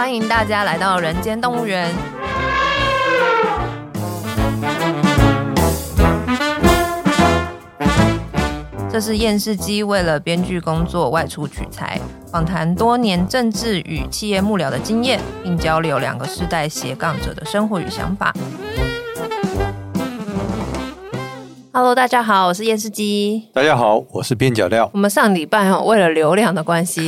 歡迎大家來到人間動物園。這是《驗屍機》為了編劇工作外出取材，訪談多年政治與企業幕僚的經驗，並交流兩個世代斜槓者的生活與想法。Hello，大家好，我是燕屍機。大家好，我是邊角料。我們上禮拜為了流量的關係，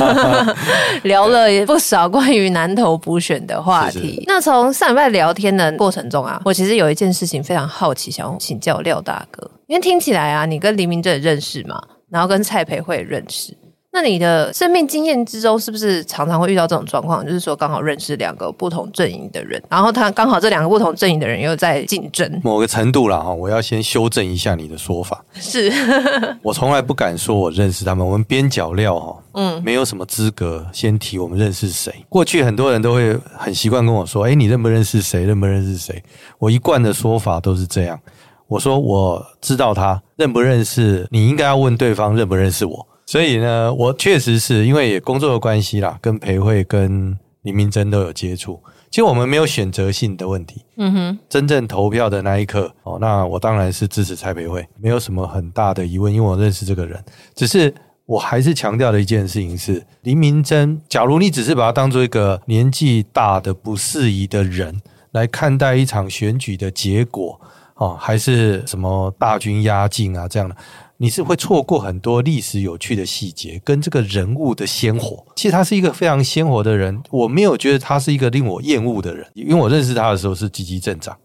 聊了也不少關於南投補選的話題。是是，那從上禮拜聊天的過程中啊，我其實有一件事情非常好奇，想請教廖大哥，因為聽起來啊，你跟林明正認識嘛，然後跟蔡培慧認識。那你的生命經驗之中，是不是常常會遇到這種狀況？就是說，剛好認識兩個不同陣營的人，然後他剛好這兩個不同陣營的人又在競爭。某個程度啦，我要先修正一下你的說法。是 我從來不敢說我認識他們，我們邊角料哈，嗯，沒有什麼資格先提我們認識誰。過去很多人都會很習慣跟我說：“誒，你認不認識誰？認不認識誰？”我一貫的說法都是這樣，我說我知道他認不認識，你應該要問對方認不認識我。所以呢，我確實是因為也工作的關係啦，跟培慧、跟林明珍都有接觸。其實我們沒有選擇性的問題。嗯哼，真正投票的那一刻，哦，那我當然是支持蔡培慧，沒有什麼很大的疑問，因為我認識這個人。只是我還是強調的一件事情是：是林明珍，假如你只是把他當做一個年紀大的不適宜的人來看待一場選舉的結果，哦，還是什麼大軍壓境啊這樣的。你是會錯過很多歷史有趣的細節，跟這個人物的鮮活。其實他是一個非常鮮活的人，我沒有覺得他是一個令我厭惡的人，因為我認識他的時候是集集鎮長。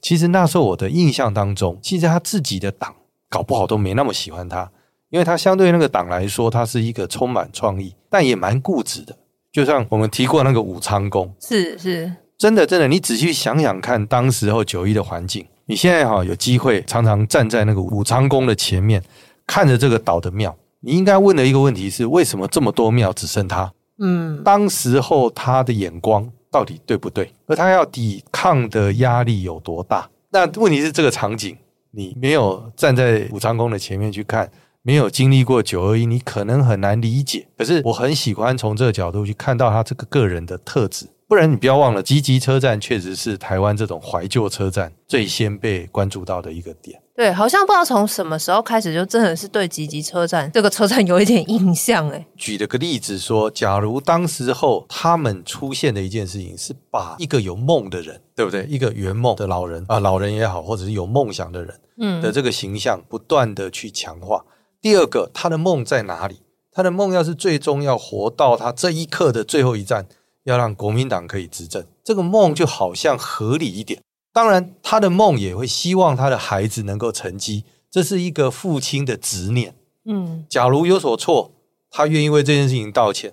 其實那時候我的印象當中，其實他自己的黨搞不好都沒那麼喜歡他，因為他相對那個黨來說，他是一個充滿創意，但也蠻固執的。就像我們提過那個武昌宮，是是，真的真的，你仔細想想看，當時候921的環境。你現在哈有機會常常站在那個武昌宮的前面，看着這個島的廟，你應該問的一個問題是：為什麼這麼多廟只剩他？嗯，當時候他的眼光到底對不對？而他要抵抗的壓力有多大？那問題是這個場景，你沒有站在武昌宮的前面去看，沒有經歷過九二一，你可能很難理解。可是我很喜歡從這個角度去看到他這個個人的特質。不然你不要忘了，集集車站確實是台灣這種懷舊車站最先被關注到的一個點。對，好像不知道從什麼時候開始，就真的是對集集車站這個車站有一點印象。誒，舉了個例子說，假如當時候他們出現的一件事情是把一個有夢的人，對不對？一個圓夢的老人啊，老人也好，或者是有夢想的人，嗯，的這個形象不斷地去強化。嗯、第二個，他的夢在哪裡？他的夢要是最終要活到他這一刻的最後一站。要讓國民黨可以執政，這個夢就好像合理一點。當然，他的夢也會希望他的孩子能夠成績，這是一個父親的執念。嗯，假如有所錯，他願意為這件事情道歉。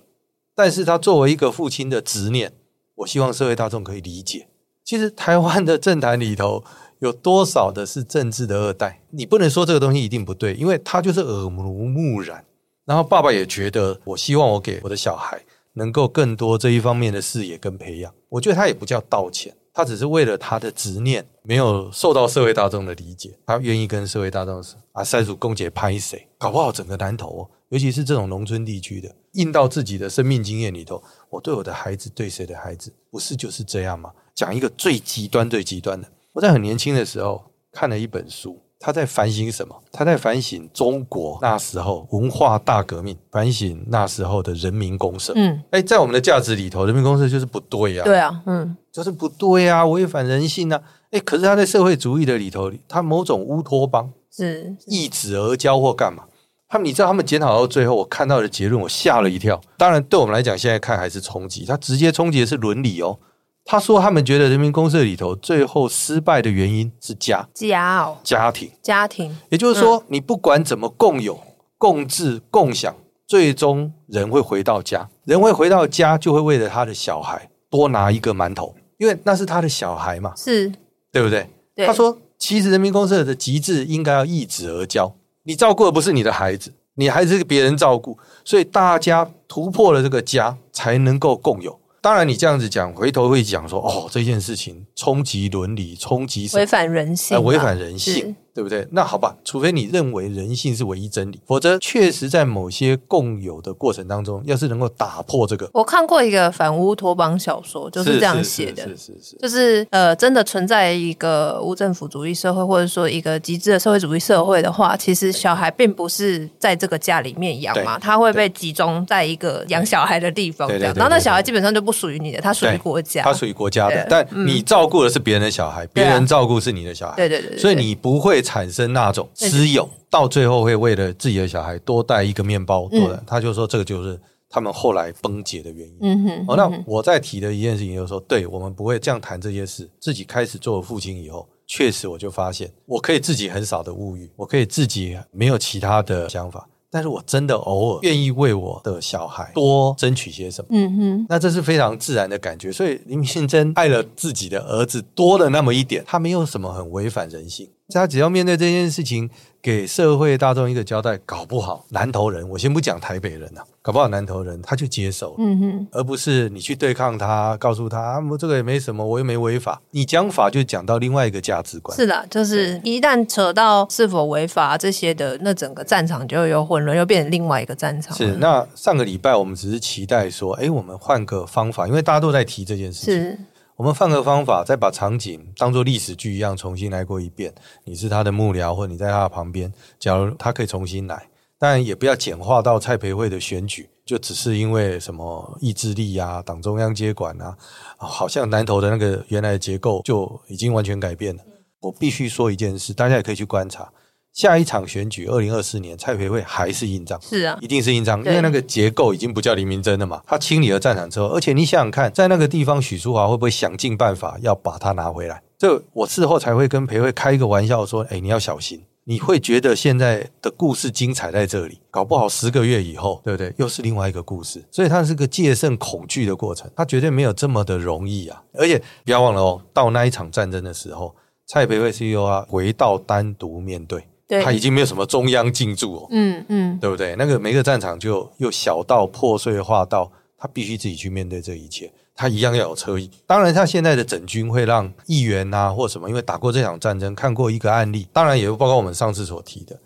但是他作為一個父親的執念，我希望社會大眾可以理解。其實，台灣的政壇裡頭有多少的是政治的二代？你不能說這個東西一定不對，因為他就是耳濡目染。然後，爸爸也覺得，我希望我給我的小孩，能夠更多這一方面的視野跟培養，我覺得他也不叫道歉，他只是為了他的執念沒有受到社會大眾的理解，他願意跟社會大眾說啊三叔公姐拍誰，搞不好整個南投，尤其是這種農村地區的，印到自己的生命經驗裡頭。我對我的孩子，對誰的孩子，不是就是這樣嗎？講一個最極端、最極端的，我在很年輕的時候看了一本書。他在反省什麼？他在反省中國那時候文化大革命，反省那時候的人民公社。嗯，哎、欸，在我們的價值裡頭，人民公社就是不對呀、啊。對啊，嗯，就是不對呀、啊，違反人性啊。哎、欸，可是他在社會主義的裡頭，他某種烏托邦是易子而教或幹嘛？他們你知道他們檢討到最後，我看到的結論，我嚇了一跳。當然，對我們來講，現在看還是衝擊。他直接衝擊的是倫理哦。他說：“他們覺得人民公社裡頭最後失敗的原因是家，家家庭家庭。也就是說，你不管怎麼共有、共治、共享，最終人會回到家，人會回到家就會為了他的小孩多拿一個饅頭，因為那是他的小孩嘛，是對不對？他說，其實人民公社的極致應該要易子而教，你照顧的不是你的孩子，你還是給別人照顧，所以大家突破了這個家，才能夠共有。”當然，你這樣子講，回頭會講說，哦，這件事情衝擊倫理，衝擊什麼，違反人性，呃，違反人性。對不對？那好吧，除非你認為人性是唯一真理，否則確實在某些共有的過程當中，要是能夠打破這個，我看過一個反烏托邦小說就是這樣寫的，是是是,是,是是是，就是呃，真的存在一個無政府主義社會，或者說一個極致的社會主義社會的話，其實小孩並不是在這個家裡面養嘛，對他會被集中在一個養小孩的地方，然後那小孩基本上就不屬於你的，他屬於國家，他屬於國家的，對但你照顧的是別人的小孩，對別人照顧是你的小孩，對對、啊、對，所以你不會。會產生那種私有，到最後會為了自己的小孩多帶一個麵包，嗯，他就說這個就是他們後來崩解的原因。嗯哼，哦，那我在提的一件事情就是說，對我們不會這樣談這些事。自己開始做父親以後，確實我就發現，我可以自己很少的物欲，我可以自己沒有其他的想法，但是我真的偶爾願意為我的小孩多爭取些什麼。嗯哼，那這是非常自然的感覺。所以林信珍愛了自己的兒子多了那麼一點，他沒有什麼很違反人性。他只要面對這件事情，給社會大眾一個交代，搞不好南投人，我先不講台北人了啊，搞不好南投人他就接受了，嗯哼，而不是你去對抗他，告訴他，我這個也沒什麼，我又沒違法。你講法就講到另外一個價值觀，是的，就是一旦扯到是否違法這些的，那整個戰場就又混亂，又變成另外一個戰場。是，那上個禮拜我們只是期待說，哎，我們換個方法，因為大家都在提這件事情。我們換個方法，再把場景當做歷史劇一樣重新來過一遍。你是他的幕僚，或你在他的旁邊。假如他可以重新來，但也不要簡化到蔡培慧的選舉，就只是因為什麼意志力啊、黨中央接管啊，好像南投的那個原來的結構就已經完全改變了。我必須說一件事，大家也可以去觀察。下一場選舉，二零二四年，蔡培慧還是硬仗。是啊，一定是硬仗，對因為那個結構已經不叫林明溱了嘛。他清理了戰場之後，而且你想想看，在那個地方，許淑華會不會想盡辦法要把他拿回來？這我事後才會跟培慧開一個玩笑說：“哎，你要小心，你會覺得現在的故事精彩在這裡，搞不好十個月以後，對不對？又是另外一個故事。所以他是個戒慎恐懼的過程，他絕對沒有這麼的容易啊！而且不要忘了哦，到那一場戰爭的時候，蔡培慧是又要回到單獨面對。對他已經沒有什麼中央進駐哦，嗯嗯，嗯對不對？那個每個戰場就又小到破碎化到他必須自己去面對這一切，他一樣要有車。當然，像現在的整軍會讓議員啊或什麼，因為打過這場戰爭，看過一個案例，當然也包括我們上次所提的，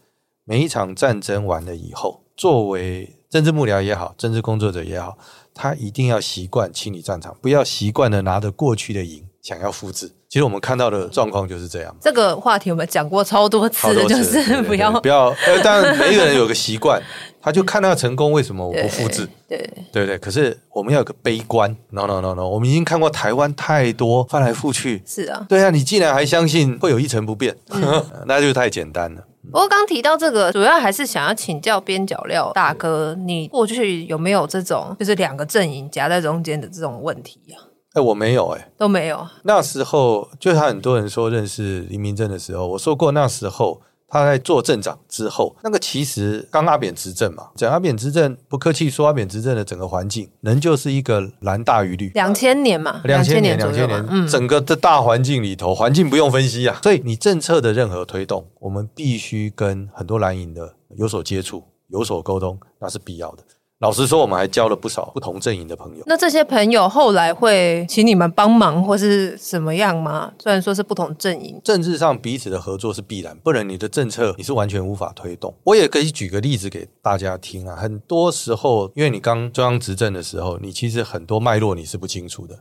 每一場戰爭完了以後，作為政治幕僚也好，政治工作者也好，他一定要習慣清理戰場，不要習慣的拿着過去的贏想要複製。其實我們看到的狀況就是這樣。這個話題我們講過超多次，就是不要不要。當然每一個人有個習慣，他就看那個成功，為什麼我不複製？對對對。可是我們要有個悲觀，no no no no。我們已經看過台灣太多翻來覆去。是啊。對啊，你竟然還相信會有一成不變，那就太簡單了。不過剛提到這個，主要還是想要請教邊角料大哥，你過去有沒有這種，就是兩個陣營夾在中間的這種問題呀？哎，我沒有哎、欸，都沒有。那時候，就是很多人說認識黎明鎮的時候，我說過那時候他在做鎮長之後，那個其實剛阿扁執政嘛，講阿扁執政，不客氣說阿扁執政的整個環境仍舊是一個藍大於綠，兩千年嘛，兩千年，兩千年，兩千年，嗯，整個的大環境裡頭，環境不用分析啊，所以你政策的任何推動，我們必須跟很多藍營的有所接觸、有所溝通，那是必要的。老實說，我們還交了不少不同陣營的朋友。那這些朋友後來會請你們幫忙或是什麼樣嗎？雖然說是不同陣營，政治上彼此的合作是必然，不然你的政策你是完全無法推動。我也可以舉個例子給大家聽啊，很多時候因為你剛中央執政的時候，你其實很多脈絡你是不清楚的，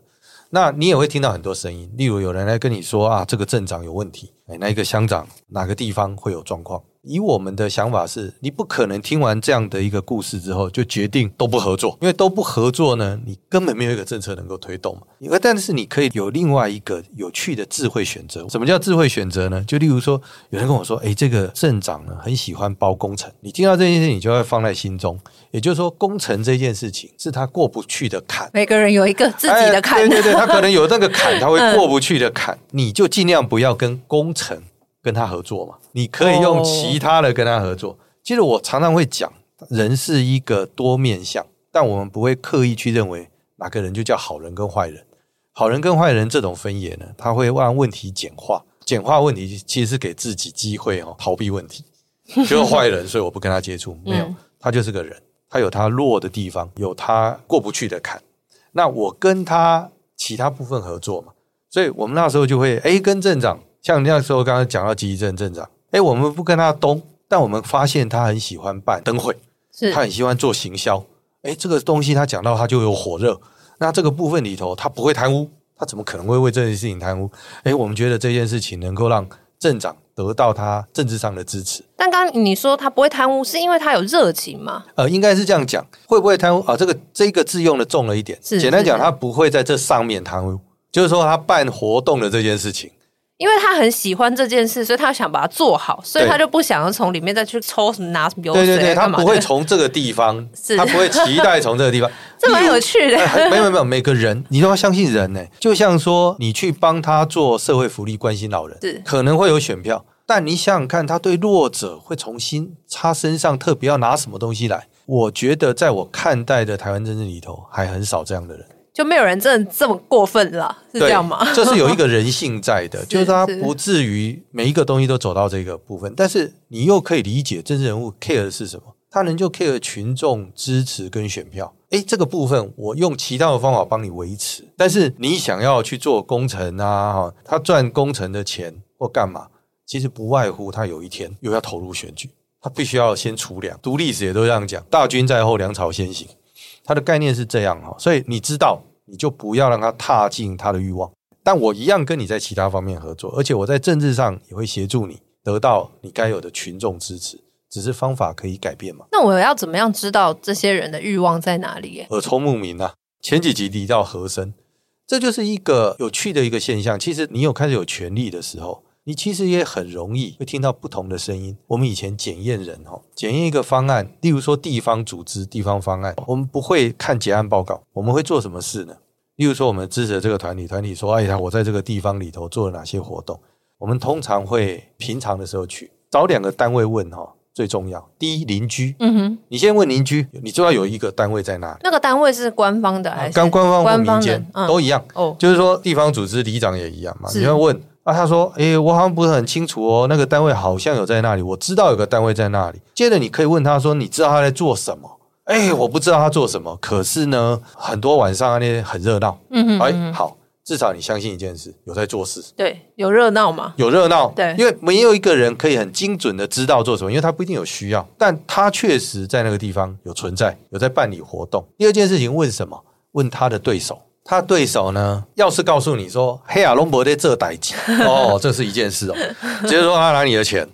那你也會聽到很多聲音，例如有人來跟你說啊，這個鎮長有問題，誒、哎，那一個鄉長哪個地方會有狀況？以我們的想法是，你不可能聽完這樣的一個故事之後就決定都不合作，因為都不合作呢，你根本沒有一個政策能夠推動嘛。但是你可以有另外一個有趣的智慧選擇。什麼叫智慧選擇呢？就例如說，有人跟我說，誒、欸，這個鎮長呢很喜歡包工程，你聽到這件事情，你就會放在心中。也就是說，工程這件事情是他過不去的坎。每個人有一個自己的坎、哎，對對對，他可能有那個坎，他會過不去的坎， 嗯、你就盡量不要跟工程。跟他合作嘛，你可以用其他的跟他合作。其實我常常會講，人是一個多面向，但我們不會刻意去認為哪個人就叫好人跟壞人。好人跟壞人這種分野呢，他會讓問題簡化，簡化問題其實是給自己機會哦，逃避問題。就是壞人，所以我不跟他接觸。沒有，他就是個人，他有他弱的地方，有他過不去的坎。那我跟他其他部分合作嘛，所以我們那時候就會誒跟鎮長。像那時候剛剛講到集集鎮鎮長，哎、欸，我們不跟他東，但我們發現他很喜歡辦燈會，是他很喜歡做行銷，哎、欸，這個東西他講到他就有火熱。那這個部分裡頭，他不會貪污，他怎麼可能會為這件事情貪污？哎、欸，我們覺得這件事情能夠讓鎮長得到他政治上的支持。但剛你說他不會貪污，是因為他有熱情嗎？呃，應該是這樣講，會不會貪污啊？這個這個字用的重了一點，是是簡單講，他不會在這上面貪污，就是說他辦活動的這件事情。因為他很喜歡這件事，所以他想把它做好，所以他就不想要從裡面再去抽什麼拿什麼油水。對，對對對，他不會從這個地方，是他不會期待從這個地方。是這蠻有趣的。沒，沒有沒有沒有，每個人你都要相信人呢、欸。就像說，你去幫他做社會福利，關心老人，是可能會有選票。但你想想看，他對弱者會重新，他身上特別要拿什麼東西來？我覺得，在我看待的台灣政治裡頭，還很少這樣的人。就沒有人真的這麼過分了，是這樣嗎？這是有一個人性在的， 就是他不至於每一個東西都走到這個部分。是是，但是你又可以理解政治人物 care 的是什麼，他能就 care 群眾支持跟選票。誒、欸、這個部分我用其他的方法幫你維持。但是你想要去做工程啊，他賺工程的錢或幹嘛，其實不外乎他有一天又要投入選舉，他必須要先儲糧。讀歷史也都這樣講，大軍在後，糧草先行。他的概念是這樣哈，所以你知道，你就不要讓他踏進他的欲望。但我一樣跟你在其他方面合作，而且我在政治上也會協助你得到你該有的群眾支持，只是方法可以改變嘛。那我要怎麼樣知道這些人的欲望在哪裡？耳聰目明啊！前幾集提到和珅，這就是一個有趣的一個現象。其實你有開始有權力的時候。你其實也很容易會聽到不同的聲音。我們以前檢驗人哈，檢驗一個方案，例如說地方組織、地方方案，我們不會看結案報告，我們會做什麼事呢？例如說，我們支持的這個團體，團體說：“哎呀，我在這個地方裡頭做了哪些活動？”我們通常會平常的時候去找兩個單位問哈，最重要，第一鄰居，嗯哼，你先問鄰居，你知道有一個單位在哪裡。那個單位是官方的還是？跟官方和民間、嗯、都一樣，哦，就是說地方組織里長也一樣嘛，是你要問。啊，他說：“誒、欸，我好像不是很清楚哦，那個單位好像有在那裡。我知道有個單位在那裡。接着你可以問他說：你知道他在做什麼？誒、欸，我不知道他做什麼，可是呢，很多晚上啊那邊很熱鬧。嗯嗯哼、哎，好，至少你相信一件事，有在做事。對，有熱鬧嘛？有熱鬧，對，因為沒有一個人可以很精準的知道做什麼，因為他不一定有需要，但他確實在那個地方有存在，有在辦理活動。第二件事情，問什麼？問他的對手。”他對手呢？要是告訴你說“嘿啊龍伯在這代誌哦，這是一件事哦。就是說他、啊、拿你的錢，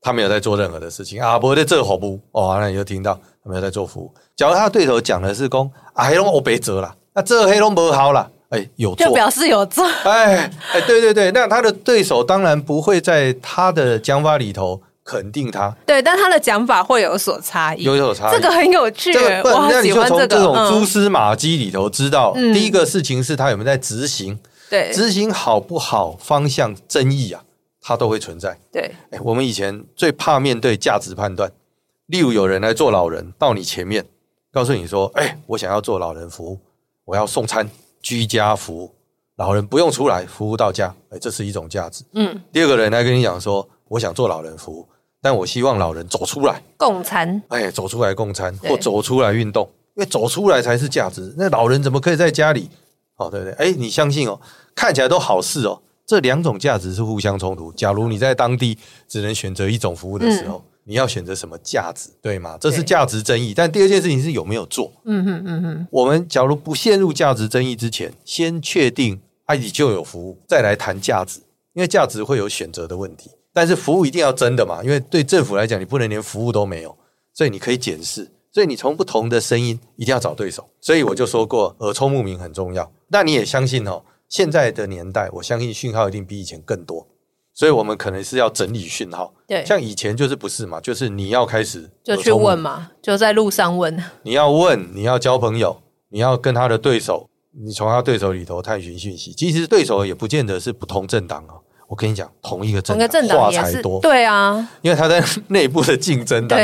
他沒有在做任何的事情啊，伯在這好不哦。那你就聽到他沒有在做服務。假如他對手講的是“公啊，黑龍我別折了”，那這黑龍不好了，哎，有做就表示有做。哎哎，對對對，那他的對手當然不會在他的講法裡頭。肯定他，對，但他的講法會有所差異，有所差異，這個很有趣。這個，我好喜歡。那你就從這種蛛絲馬跡裡頭知道，這個嗯、第一個事情是他有沒有在執行，嗯，對，執行好不好？方向爭議啊，它都會存在。對，欸，我們以前最怕面對價值判斷，例如有人來做老人到你前面，告訴你說：“哎，欸，我想要做老人服務，我要送餐居家服務，老人不用出來服務到家。欸”哎，這是一種價值。嗯，第二個人來跟你講說：“我想做老人服務。”但我希望老人走出來共餐，哎，走出來共餐對或走出來運動，因為走出來才是價值。那老人怎麼可以在家裡？哦、oh，對不對，哎，你相信哦？看起來都好事哦。這兩種價值是互相衝突。假如你在當地只能選擇一種服務的時候，嗯、你要選擇什麼價值？對嗎？這是價值爭議。對但第二件事情是有沒有做？嗯哼嗯嗯嗯。我們假如不陷入價值爭議之前，先確定他已經就有服務，再來談價值，因為價值會有選擇的問題。但是服務一定要真的嘛，因為對政府來講，你不能連服務都沒有，所以你可以檢視。所以你從不同的聲音一定要找對手，所以我就說過耳聰目明很重要。那你也相信哦，現在的年代，我相信訊號一定比以前更多，所以我們可能是要整理訊號。對，像以前就是不是嘛？就是你要開始就去問嘛，就在路上問。你要問，你要交朋友，你要跟他的對手，你從他對手裡頭探尋訊息。其實對手也不見得是不同政黨啊。我跟你講，同一個政黨掛彩多，對啊，因為他在內部的競爭當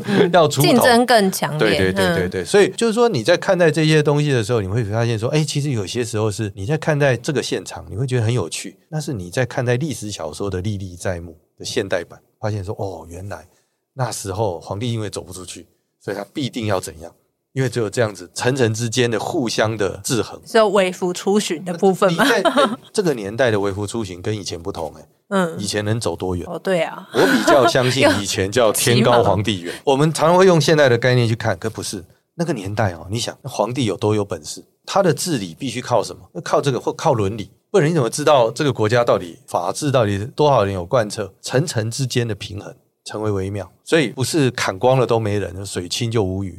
中對 要出頭，競爭更強烈，對對對對，對，對，對，所以就是說，你在看待這些東西的時候，你會發現說，哎，其實有些時候是你在看待這個現場，你會覺得很有趣，那是你在看待歷史小說的歷歷在目的現代版，發現說，哦，原來那時候皇帝因為走不出去，所以他必定要怎樣。因為只有這樣子，層層之間的互相的制衡，是有微服出巡的部分嘛、欸、 這個年代的微服出巡跟以前不同誒、欸、嗯，以前能走多遠？哦，對啊， 我比較相信以前叫天高皇帝遠。 忙我們常，常會用現代的概念去看，可不是那個年代哦。你想，皇帝有多有本事？他的治理必須靠什麼？靠這個或靠倫理？不然你怎麼知道這個國家到底法治到底多少人有貫徹？層層之間的平衡成為微妙，所以不是砍光了都沒人，水清就無魚。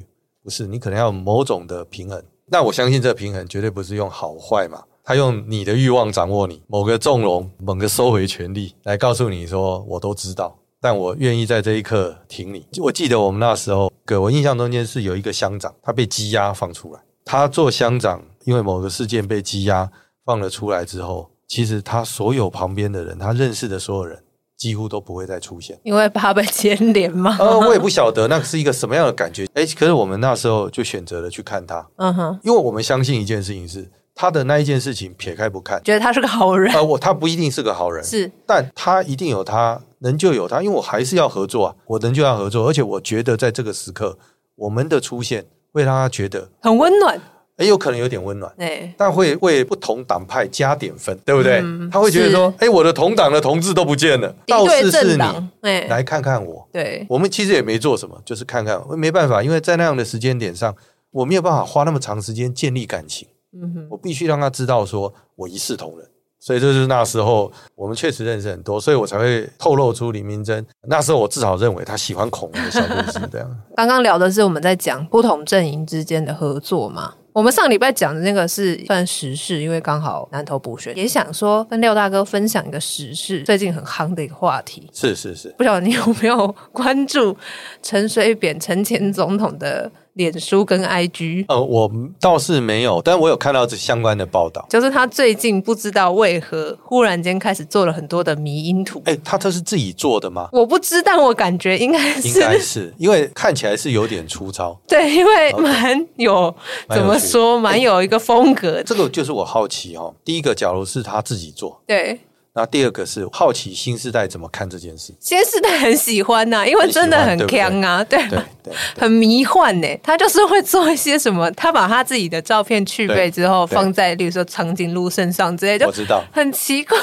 不是，你可能要某種的平衡。那我相信這個平衡絕對不是用好壞嘛，他用你的慾望掌握你，某個縱容，某個收回權利來告訴你說我都知道，但我願意在這一刻挺你。我記得我們那時候，給我印象中間是有一個鄉長，他被羈押放出來，他做鄉長，因為某個事件被羈押放了出來之後，其實他所有旁邊的人，他認識的所有人。幾乎都不會再出現，因為怕被牽連嘛。呃，我也不曉得那是一個什麼樣的感覺。哎、 欸，可是我們那時候就選擇了去看他。嗯哼，因為我們相信一件事情是他的那一件事情撇開不看，覺得他是個好人。呃，我他不一定是個好人，是，但他一定有他能就有他，因為我還是要合作啊，我能就要合作，而且我覺得在這個時刻，我們的出現會讓他覺得很溫暖。也有可能有點溫暖，欸，但會為不同黨派加點分，對不對？嗯，他會覺得說：“哎是，我的同黨的同志都不見了，倒是是你、欸、來看看我。”對，我們其實也沒做什麼，就是看看，我沒辦法，因為在那樣的時間點上，我沒有辦法花那麼長時間建立感情。嗯哼我必須讓他知道說我一視同仁，所以這就是那時候我們確實認識很多，所以我才會透露出李明珍。那時候我至少認為他喜歡恐龍的小故事。這樣。 剛剛聊的是我們在講不同陣營之間的合作嘛。我們上禮拜講的那個是算時事，因為剛好南投補選，也想說跟廖大哥分享一個時事，最近很夯的一個話題。是是是，不知道你有沒有關注陳水扁、陳前總統的。臉書跟 IG，呃，我倒是沒有，但我有看到這相關的報道，就是他最近不知道為何忽然間開始做了很多的迷因圖。哎、欸，他這是自己做的嗎？我不知道，但我感覺應該是，應該是，因為看起來是有點粗糙。對，因為蠻有、嗯、怎麼說，蠻有一個風格、欸。這個就是我好奇哦，第一個，假如是他自己做，對。那第二個是好奇新世代怎麼看這件事。新世代很喜歡吶、啊，因為真的很強啊，對，對對對很迷幻呢。他就是會做一些什麼，他把他自己的照片去背之後，放在例如說長頸鹿身上之類，就我知道，很奇怪。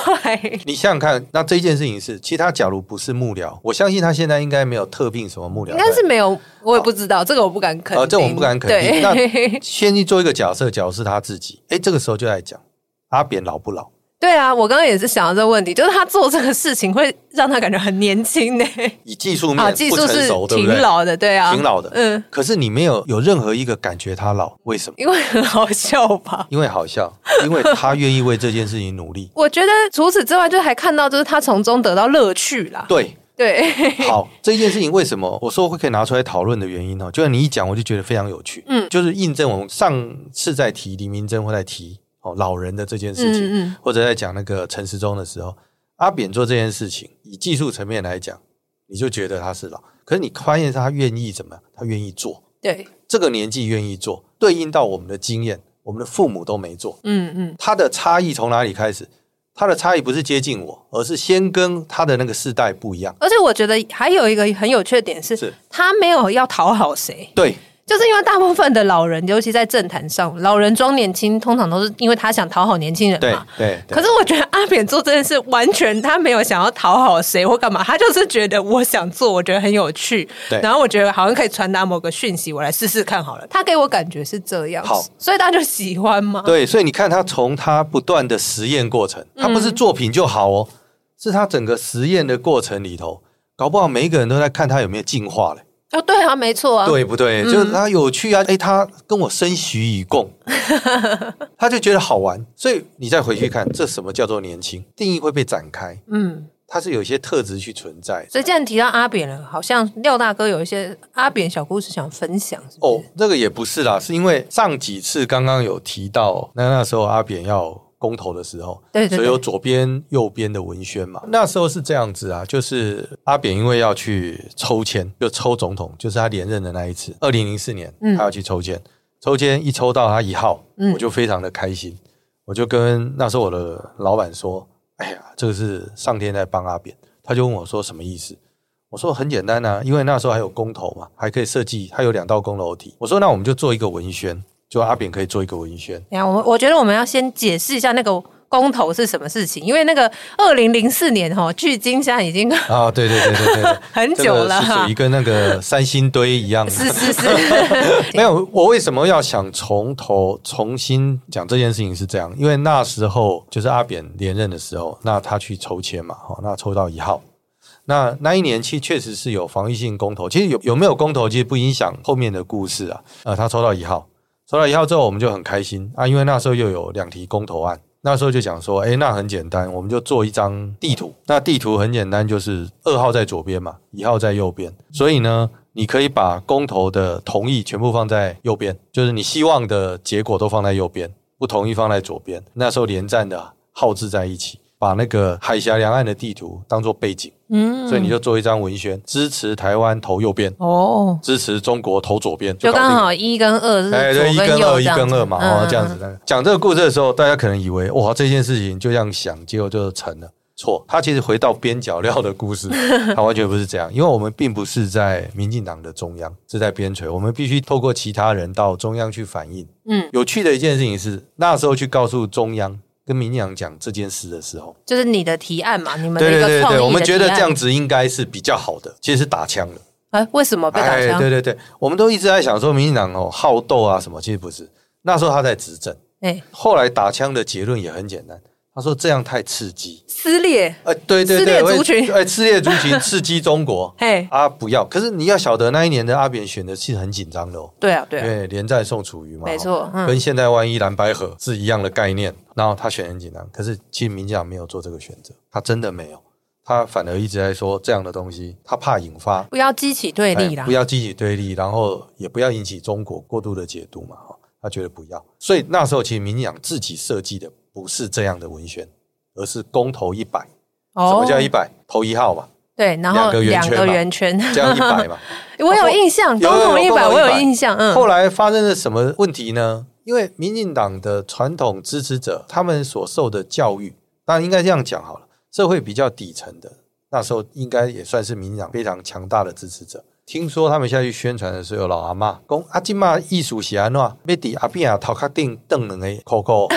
你想想看，那這件事情是其他假如不是幕僚，我相信他現在應該沒有特聘什麼幕僚，應該是沒有，我也不知道，哦、這個我不敢肯定。呃、這我不敢肯定。對對那先去做一個假設，假如是他自己，哎，這個時候就在講阿扁老不老。對啊，我剛剛也是想到這個問題，就是他做這個事情會讓他感覺很年輕呢、欸。你技術面成熟啊，技術是挺老的，對啊，挺老的。嗯，可是你沒有有任何一個感覺他老，為什麼？因為很好笑吧？因為好笑，因為他願意為這件事情努力。 我覺得除此之外，就還看到就是他從中得到樂趣啦。對對，對好，這件事情為什麼我說會可以拿出來討論的原因哦，就是你一講，我就覺得非常有趣。嗯，就是印證我們上次在提黎明珍，會在提。哦，老人的這件事情，嗯嗯或者在講那個陳時中的時候，阿扁做這件事情，以技術層面來講，你就覺得他是老，可是你發現他願意怎麼他願意做，對，這個年紀願意做，對應到我們的經驗，我們的父母都沒做，嗯嗯，他的差異從哪裡開始？他的差異不是接近我，而是先跟他的那個世代不一樣。而且我覺得還有一個很有趣的點是，是他沒有要討好誰，對。就是因為大部分的老人，尤其在政壇上，老人裝年輕，通常都是因為他想討好年輕人嘛。對，對對，可是我覺得阿扁做這件事，完全他沒有想要討好誰或幹嘛，他就是覺得我想做，我覺得很有趣。對，然後我覺得好像可以傳達某個訊息，我來試試看好了。他給我感覺是這樣子，好，所以大家就喜歡嘛。對，所以你看他從他不斷的實驗過程，他不是作品就好哦，嗯、是他整個實驗的過程裡頭，搞不好每一個人都在看他有沒有進化了。啊、哦，對啊，沒錯啊，對不對？嗯、就是他有趣啊，誒他跟我生死與共， 他就覺得好玩。所以你再回去看，這什麼叫做年輕？定義會被展開，嗯，他是有一些特質去存在。所以既然提到阿扁了，好像廖大哥有一些阿扁小故事想分享是不是？哦，這、那個也不是啦，是因為上幾次剛剛有提到，那那時候阿扁要。公投的時候，所以有左邊、右邊的文宣嘛。那時候是這樣子啊，就是阿扁因為要去抽籤，就抽總統，就是他連任的那一次，二零零四年，他要去抽簽。抽簽一抽到他一號，我就非常的開心。我就跟那時候我的老闆說：“哎呀，這個是上天在幫阿扁。”他就問我說：“什麼意思？”我說：“很簡單啊，因為那時候還有公投嘛，還可以設計，他有兩道公投題。”我說：“那我們就做一個文宣。”就阿扁可以做一個文宣。我我覺得我們要先解釋一下那個公投是什麼事情，因為那個二零零四年哈，距今現在已經啊、哦，對對對對對， 很久了，屬於跟那個三星堆一樣。 是是是， 行 沒有。我為什麼要想從頭重新講這件事情是這樣？因為那時候就是阿扁連任的時候，那他去抽籤嘛，哈，那抽到一號，那那一年其實確實是有防禦性公投。其實有有沒有公投，其實不影響後面的故事啊。呃，他抽到一號。投了一號之後，我們就很開心啊，因為那時候又有兩題公投案，那時候就想說，哎、欸，那很簡單，我們就做一張地圖。那地圖很簡單，就是二號在左邊嘛，一號在右邊。所以呢，你可以把公投的同意全部放在右邊，就是你希望的結果都放在右邊，不同意放在左邊。那時候連戰的號置在一起。把那個海峽兩岸的地圖當做背景，嗯，所以你就做一張文宣，支持台灣投右邊哦，支持中國投左邊，就剛好一跟二是左跟右，對對，一跟二，一跟二嘛，哦、嗯，這樣子。講這個故事的時候，大家可能以為哇，這件事情就這樣想，結果就成了錯。他其實回到邊角料的故事，他完全不是這樣， 因為我們並不是在民進黨的中央，是在邊陲，我們必須透過其他人到中央去反映。嗯，有趣的一件事情是，那時候去告訴中央，跟民進黨講這件事的時候，就是你的提案嘛？你們對，對對對，我們覺得這樣子應該是比較好的。其實是打槍的。啊？為什麼被打槍？哎，對對對，我們都一直在想說民進黨哦好鬥啊什麼，其實不是。那時候他在執政，哎、欸，後來打槍的結論也很簡單。他說：“這樣太刺激，撕裂，哎、欸欸，對對對，撕裂族群、欸，撕裂族群，刺激中國， 嘿，啊，不要。可是你要曉得，那一年的阿扁選的是很緊張的哦。對啊，對，對，連戰宋楚瑜嘛，沒錯，嗯、跟現在萬一藍白合是一樣的概念。然後他選很緊張，可是其實民進黨沒有做這個選擇，他真的沒有，他反而一直在說這樣的東西，他怕引發，不要激起對立的、欸，不要激起對立，然後也不要引起中國過度的解讀嘛，他覺得不要。所以那時候其實民進黨自己設計的。”不是這樣的文宣，而是公投一百。Oh, 什麼叫一百？投一號嘛。對，然後兩個圓圈嘛。這樣一百嘛。 我有印象，說公投一百，我有印象。嗯。後來發生了什麼問題呢？嗯、因為民進黨的傳統支持者，他們所受的教育，當然應該這樣講好了，社會比較底層的，那時候應該也算是民進黨非常強大的支持者。聽說他們下去宣傳的時候，老阿嬤講阿金嘛藝術寫安喏，沒地阿變啊討卡定等兩個扣扣，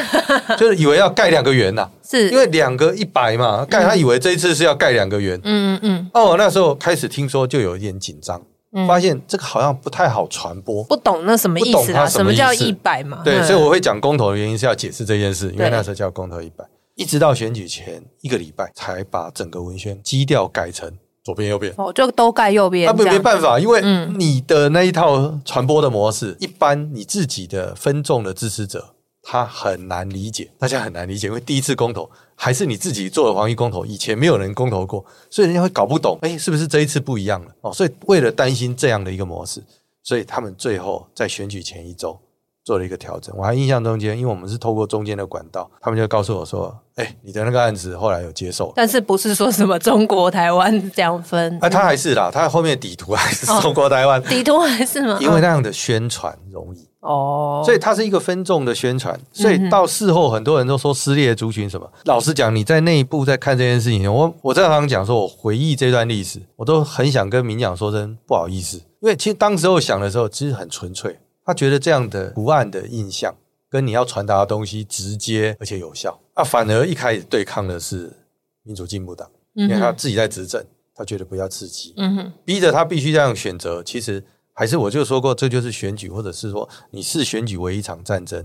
就是以為要蓋兩個圓吶，是因為兩個一百嘛，蓋他以為這一次是要蓋兩個圓，嗯嗯哦，那時候開始聽說就有一點緊張，發現這個好像不太好傳播，不懂那什麼意思，他什麼叫一百嘛？對，所以我會講公投的原因是要解釋這件事，因為那時候叫公投一百，一直到選舉前一個禮拜才把整個文宣基調改成。左邊右邊，哦，就都蓋右邊。那沒辦法，因為你的那一套傳播的模式，一般你自己的分眾的支持者，他很難理解，大家很難理解，因為第一次公投還是你自己做的防疫公投，以前沒有人公投過，所以人家會搞不懂，哎，是不是這一次不一樣了？哦，所以為了擔心這樣的一個模式，所以他們最後在選舉前一週。做了一個調整，我還印象中間，因為我們是透過中間的管道，他們就告訴我說：“哎、欸，你的那個案子後來有接受。”但是不是說什麼中國台灣這樣分啊？他還是啦，他後面的底圖還是中國台灣。哦，底圖還是嗎？因為那樣的宣傳容易哦，所以他是一個分眾的宣傳。所以到事後，很多人都說撕裂族群什麼。嗯、哼老實講，你在內部在看這件事情，我我在剛剛講說，我回憶這段歷史，我都很想跟民養說聲不好意思，因為其實當時候想的時候，其實很純粹。他覺得這樣的不安的印象，跟你要傳達的東西直接而且有效啊，反而一開始對抗的是民主進步黨，嗯、哼因為他自己在執政，他覺得不要刺激，嗯哼，逼着他必須這樣選擇。其實還是我就說過，這就是選舉，或者是說你視選舉為一場戰爭，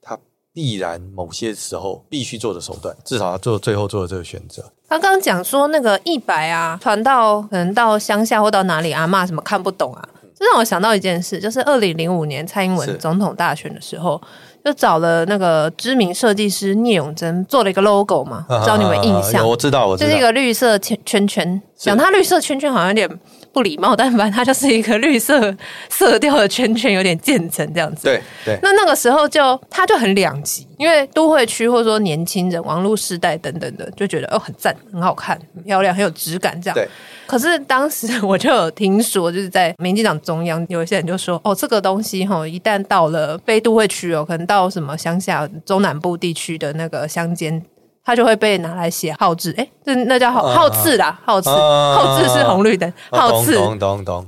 他必然某些時候必須做的手段，至少要做最後做的這個選擇。他剛剛講說那個一白啊，傳到可能到鄉下或到哪裡啊，罵什麼看不懂啊。這讓我想到一件事，就是二零零五年蔡英文總統大選的時候，是就找了那個知名設計師聶永真，做了一個 logo 嘛，知道、啊啊啊啊啊、你們印象啊啊啊？我知道，我知道。這是一個綠色圈圈圈，講他是綠色圈圈好像有點。不禮貌，但反正它就是一個綠色色調的圈圈，有點漸層這樣子。對對，對那那個時候就它就很兩極，因為都會區或者說年輕人、網絡世代等等的，就覺得哦很讚，很好看，很漂亮，很有質感這樣。對。可是當時我就有聽說，就是在民進黨中央有一些人就說，哦這個東西吼，一旦到了非都會區哦，可能到什麼鄉下、中南部地區的那個鄉間。它就會被拿來寫號誌，哎、欸，這那叫號號、嗯、誌啦，號、嗯、誌號、嗯、誌是紅綠燈，號、哦、誌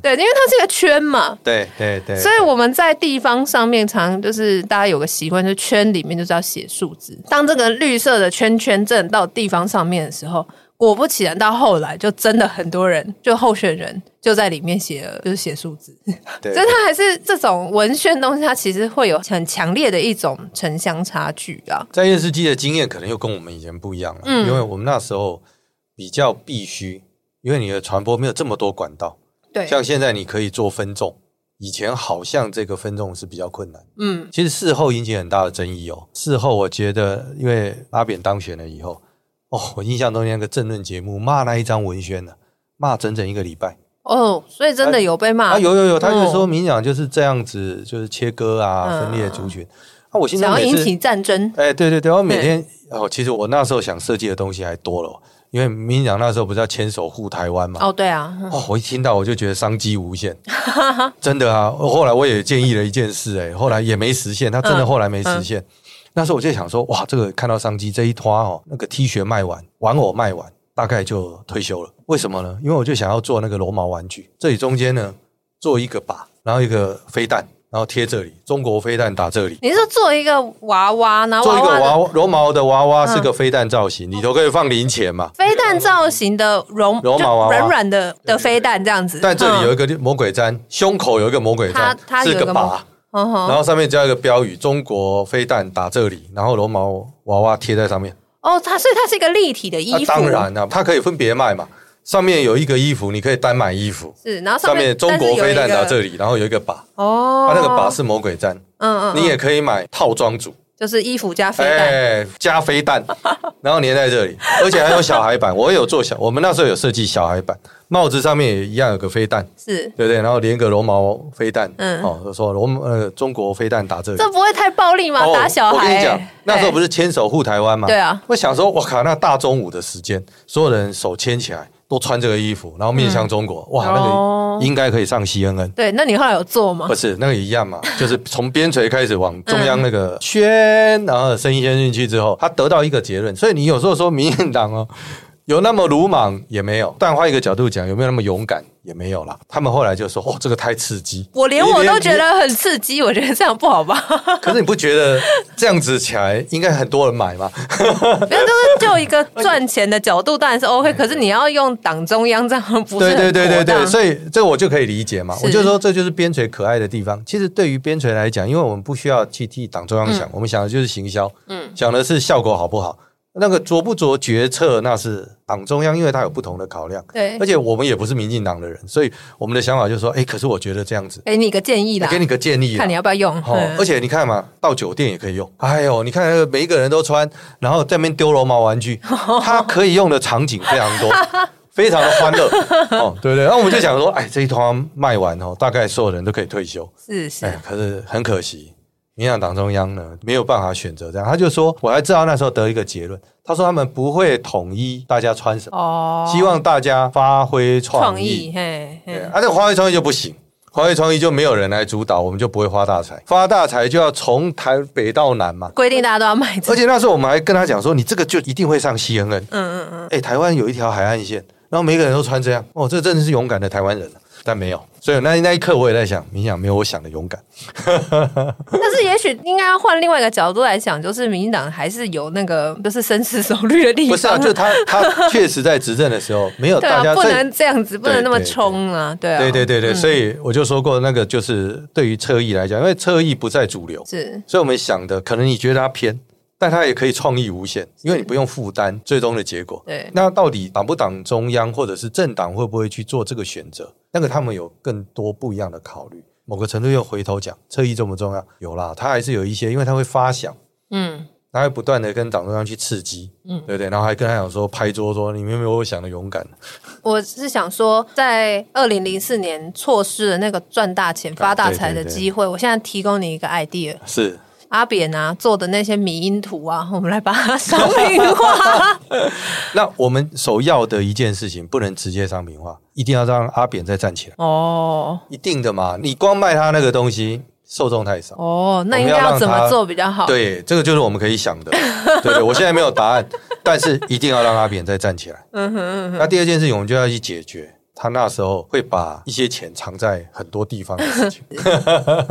對，因為它是一個圈嘛，對對對，對對所以我們在地方上面常就是大家有個習慣，就圈裡面就是要寫數字。當這個綠色的圈圈證到地方上面的時候。果不其然，到後來就真的很多人，就候選人就在裡面寫了，就是寫數字。對，對，所以他還是這種文宣東西，它其實會有很強烈的一種城鄉差距啊。在電視機的經驗可能又跟我們以前不一樣了，嗯，因為我們那時候比較必須，因為你的傳播沒有這麼多管道。對，像現在你可以做分眾，以前好像這個分眾是比較困難。嗯，其實事後引起很大的爭議哦。事後我覺得，因為阿扁當選了以後。哦，我印象中那一個政論節目罵那一張文宣呢、啊，罵整整一個禮拜。哦，oh, 所以真的有被罵。啊，啊，有有有，oh. 他就說民進黨就是這樣子，就是切割啊，分裂的族群。那、嗯啊、我現在想要引起戰爭。哎、欸，對對對，我每天對哦，其實我那時候想設計的東西還多了，因為民進黨那時候不是要牽手護台灣嘛。哦，oh, 對啊。嗯、哦，我一聽到我就覺得商機無限， 真的啊。後來我也建議了一件事、欸，哎，後來也沒實現，他真的後來沒實現。嗯嗯但是我就想說，哇，這個看到商機這一拖，哦，那個 T 恤賣完，玩偶賣完，大概就退休了。為什麼呢？因為我就想要做那個絨毛玩具，這裡中間呢，做一個靶，然後一個飛彈，然後貼這裡，中國飛彈打這裡。你是做一個娃娃，然後做一個娃娃，絨毛的娃娃是個飛彈造型，裡頭、嗯、可以放零錢嘛？飛彈造型的絨絨毛軟軟的對的飛彈這樣子。但這裡有一個魔鬼氈，嗯、胸口有一個魔鬼氈，是個靶。嗯然後上面加一個標語：“中國飛彈打這裡”，然後絨毛娃娃貼在上面。哦，它所以它是一個立體的衣服，啊、當然啊，它可以分別賣嘛。上面有一個衣服，你可以單買衣服。是，然後上面，上面中國飛彈打這裡，然後有一個靶。哦，它、啊、那個靶是魔鬼氈。嗯，嗯嗯，你也可以買套裝組。就是衣服加飛彈、欸，加飛彈， 然後連在這裡，而且還有小孩版。我也有做小， 我們那時候有設計小孩版，帽子上面也一樣有個飛彈，是對不對？然後連個絨毛飛彈，嗯，哦，說絨呃中國飛彈打這裡，這不會太暴力嗎？哦、打小孩、欸？我跟你講，那時候不是牽手護台灣嗎？對啊，我想說，我靠，那大中午的時間，所有人手牽起來。都穿這個衣服，然後面向中國，嗯、哇，那個應該可以上 CNN。對，那你後來有做嗎？不是，那個一樣嘛，就是從邊陲開始往中央那個圈，嗯、然後聲音先進去之後，他得到一個結論。所以你有時候說民進黨哦。有那麼魯莽也沒有，但換一個角度講，有沒有那麼勇敢也沒有了。他們後來就說：“哦，這個太刺激。”我連我都覺得很刺激，連我，覺我覺得這樣不好吧？可是你不覺得這樣子起來應該很多人買嗎？都 是就一個賺錢的角度，當然是 OK。可是你要用黨中央這樣，對對對對對，所以這我就可以理解嘛。是我就說這就是邊陲可愛的地方。其實對於邊陲來講，因為我們不需要去替黨中央想，嗯，我們想的就是行銷，嗯，想的是效果好不好。那個做不做決策，那是黨中央，因為它有不同的考量。對，而且我們也不是民進黨的人，所以我們的想法就是說，哎、欸，可是我覺得這樣子，給你一個建議啦，給你個建議，看你要不要用。哦，嗯、而且你看嘛，到酒店也可以用。哎呦，你看每一個人都穿，然後在那邊丟絨毛玩具，它可以用的場景非常多， 非常的歡樂。哦，對，對對。那我們就想說，哎、欸，這一套賣完哦，大概所有人都可以退休。是是。哎、欸，可是很可惜。民進黨中央呢，沒有辦法選擇這樣。他就說，我還知道那時候得一個結論，他說他們不會統一大家穿什麼，oh, 希望大家發揮創意。嘿啊，這發揮創意就不行，發揮創意就沒有人來主導，我們就不會發大財。發大財就要從台北到南嘛，規定大家都要買、這個。而且那時候我們還跟他講說，你這個就一定會上 CNN。嗯嗯嗯。欸、台灣有一條海岸線，然後每個人都穿這樣，哦，這真的是勇敢的台灣人了，但沒有。所以那那一刻我也在想，民進黨沒有我想的勇敢。 但是也許應該要換另外一個角度來講，就是民進黨還是有那個不、就是深思熟慮的力量。不是啊，就他他確實在執政的時候沒有，大家、 啊、以不能這樣子，對對對，不能那麼衝啊，對啊，對對對對。所以我就說過，那個就是對於側翼來講，因為側翼不在主流，是，所以我們想的可能你覺得他偏。但他也可以創意無限，因為你不用負擔最終的結果。對，那到底黨不黨中央或者是政黨會不會去做這個選擇？那個他們有更多不一樣的考慮。某個程度又回頭講，側翼重不重要？有啦，他還是有一些，因為他會發想，嗯，他會不斷的跟黨中央去刺激，嗯，對不對？然後還跟他講說，拍桌說，你有沒有我想的勇敢？我是想說，在二零零四年錯失的那個賺大錢發大財的機會，啊、對對對，我現在提供你一個 idea，是。阿扁啊做的那些迷因圖啊，我們來把它商品化。 那我們首要的一件事情不能直接商品化，一定要讓阿扁再站起來。哦，一定的嘛，你光賣他那個東西，受眾太少。哦，那應該要要怎麼做比較好？對，這個就是我們可以想的。 對對，我現在沒有答案， 但是一定要讓阿扁再站起來。嗯哼，嗯哼，那第二件事情我們就要去解決。他那時候會把一些錢藏在很多地方的事情，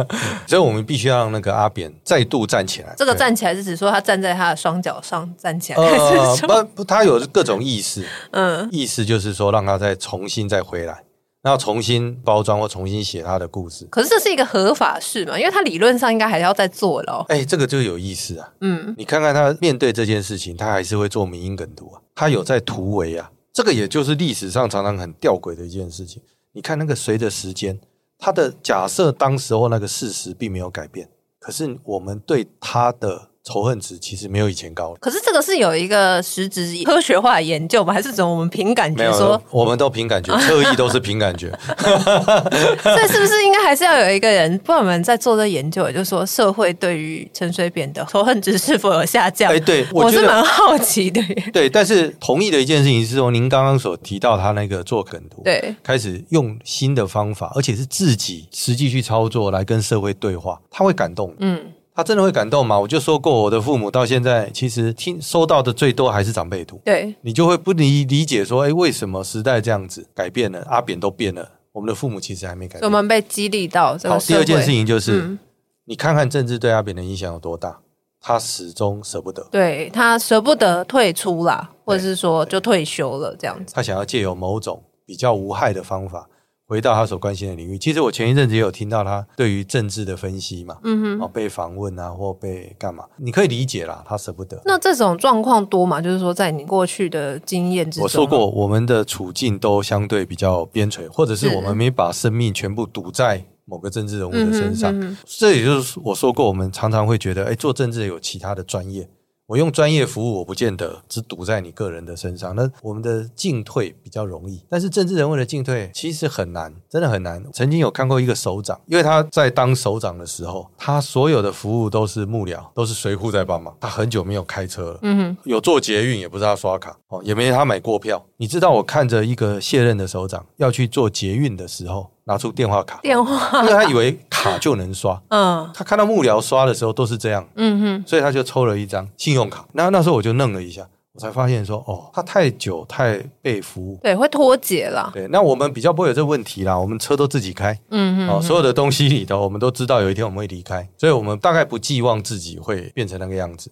所以我們必須讓那個阿扁再度站起來。這個站起來是指說他站在他的雙腳上站起來，呃不，不他有各種意思，嗯， 意思就是說讓他再重新再回來，然後重新包裝或重新寫他的故事。可是這是一個合法事嘛？因為他理論上應該還要再坐牢，哦。哎、欸，這個就有意思啊，嗯，你看看他面對這件事情，他還是會做迷因梗圖啊，他有在突圍啊。嗯嗯。這個也就是歷史上常常很吊詭的一件事情。你看，那個隨着時間，他的假設當時候那個事實並沒有改變，可是我們對他的。仇恨值其實沒有以前高了。可是這個是有一個實質科學化的研究嗎？還是怎麼？我們憑感覺說？沒有沒有，我們都憑感覺， 特意都是憑感覺。 所以是不是應該還是要有一個人，不然我們在做這研究，也就是說社會對於陳水扁的仇恨值是否有下降？哎，欸、對，我覺得，我是蠻好奇的。對，但是同意的一件事情是說，您剛剛所提到他那個做梗圖，對，開始用新的方法，而且是自己實際去操作來跟社會對話，他會感動。嗯。他真的會感動嗎？我就說過，我的父母到現在其實聽收到的最多還是長輩圖。對。你就會不理、理解說，誒，為什麼時代這樣子改變了，阿扁都變了，我們的父母其實還沒改變。我們被激勵到。好，第二件事情就是，嗯，你看看政治對阿扁的影響有多大，他始終捨不得，對，他捨不得退出啦，或者是說就退休了這樣子，他想要借由某種比較無害的方法。回到他所關心的領域，其實我前一陣子也有聽到他對於政治的分析嘛，嗯哼，啊被訪問啊或被幹嘛，你可以理解啦，他捨不得。那這種狀況多嘛？就是說，在你過去的經驗之中，啊，我說過，我們的處境都相對比較邊陲，或者是我們沒把生命全部賭在某個政治人物的身上。嗯哼嗯哼。這也就是我說過，我們常常會覺得，哎，欸，做政治有其他的專業。我用專業服務，我不見得只賭在你個人的身上。那我們的進退比較容易，但是政治人物的進退其實很難，真的很難。曾經有看過一個首長，因為他在當首長的時候，他所有的服務都是幕僚，都是隨扈在幫忙。他很久沒有開車了，嗯哼，有坐捷運也不是他刷卡哦，也沒他買過票。你知道我看着一個卸任的首長要去坐捷運的時候，拿出電話卡，電話，因為他以為。就能刷，嗯，他看到幕僚刷的時候都是這樣，嗯哼，所以他就抽了一張信用卡。那那時候我就愣了一下，我才發現說，哦，他太久太被服務，對，會脫節了。對，那我們比較不會有這問題啦，我們車都自己開，嗯嗯，哦，所有的東西裡頭，我們都知道有一天我們會離開，所以我們大概不寄望自己會變成那個樣子。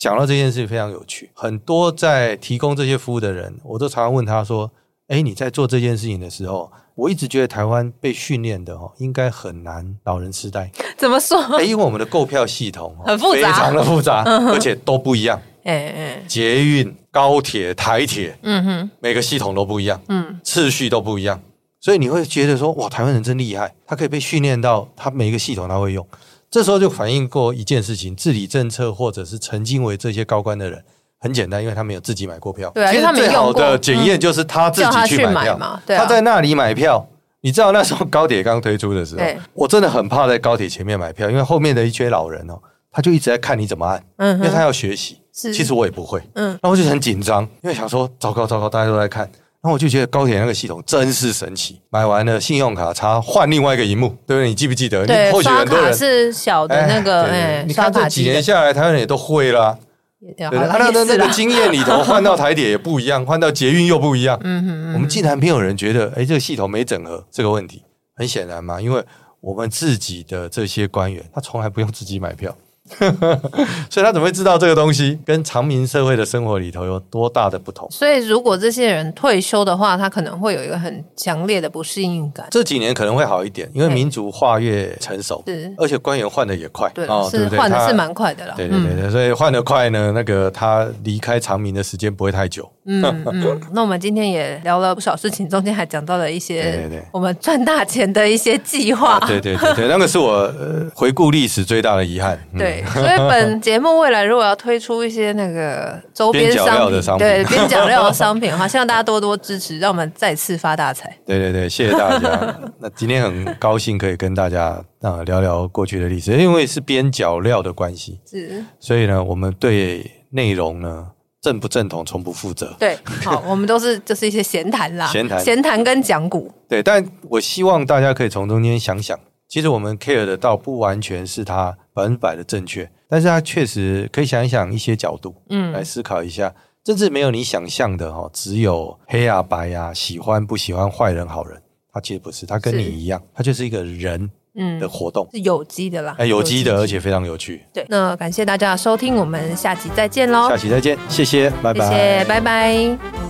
講到這件事非常有趣，很多在提供這些服務的人，我都常常問他說。哎，你在做這件事情的時候，我一直覺得台灣被訓練的哦，應該很難老人痴呆。怎麼說？因為我們的購票系統哦，很複雜，非常的複雜，嗯哼，而且都不一樣。誒誒捷運、高鐵、台鐵，嗯哼，每個系統都不一樣，嗯，次序都不一樣，所以你會覺得說，哇，台灣人真厲害，他可以被訓練到他每一個系統他會用。這時候就反映過一件事情：治理政策，或者是曾經為這些高官的人。很簡單，因為他沒有自己買過票。其實最好的檢驗就是他自己去買票嘛。他在那裡買票，你知道那時候高鐵剛推出的時候，我真的很怕在高鐵前面買票，因為後面的一群老人哦，他就一直在看你怎麼按，嗯，因為他要學習。其實我也不會，嗯，然後我就很緊張，因為想說糟糕糟糕，大家都在看。然後我就覺得高鐵那個系統真是神奇，買完了信用卡插換另外一個屏幕，對不對？你記不記得？對，刷卡是小的那個哎，刷卡機，你看這幾年下來，他們也都會了。對，他那個那個經驗裡頭，換到台鐵也不一樣， 換到捷運又不一樣。嗯哼嗯哼，我們竟然沒有人覺得，哎、欸，這個系統沒整合這個問題，很顯然嘛，因為我們自己的這些官員，他從來不用自己買票。 所以他怎麼會知道這個東西跟常民社會的生活裡頭有多大的不同？所以如果這些人退休的話，他可能會有一個很強烈的不適應感。這幾年可能會好一點，因為民主化越成熟，是而且官員換的也快，對、哦、對、對是，換的是蠻快的了。對對對，嗯、所以換的快呢，那個他離開常民的時間不會太久。嗯、嗯 那我們今天也聊了不少事情，中間還講到了一些我們賺大錢的一些計劃。對對、對對對對，那個是我回顧歷史最大的遺憾。嗯、對。所以本節目未來如果要推出一些那個周邊商品，對邊角料的商品的話，希望大家多多支持，讓我們再次發大財。對對對，謝謝大家。那今天很高興可以跟大家啊聊聊過去的歷史，因為是邊角料的關係，是。所以呢，我們對內容呢正不正統從不負責。對，好，我們都是就是一些閒談啦，閒談、閒談跟講古。對，但我希望大家可以從中間想想。其實我們 care 的倒不完全是他百分百的正確，但是他確實可以想一想一些角度，嗯，來思考一下，政治、嗯、沒有你想象的哦，只有黑啊白啊，喜歡不喜歡壞人好人，他其實不是，他跟你一樣，是他就是一個人，嗯的活動，嗯、是有機的啦，哎、有機的，機機而且非常有趣。對，那感謝大家的收聽，我們下期再見嘍，下期再見，謝謝，嗯、拜拜，謝、謝，拜拜。拜拜。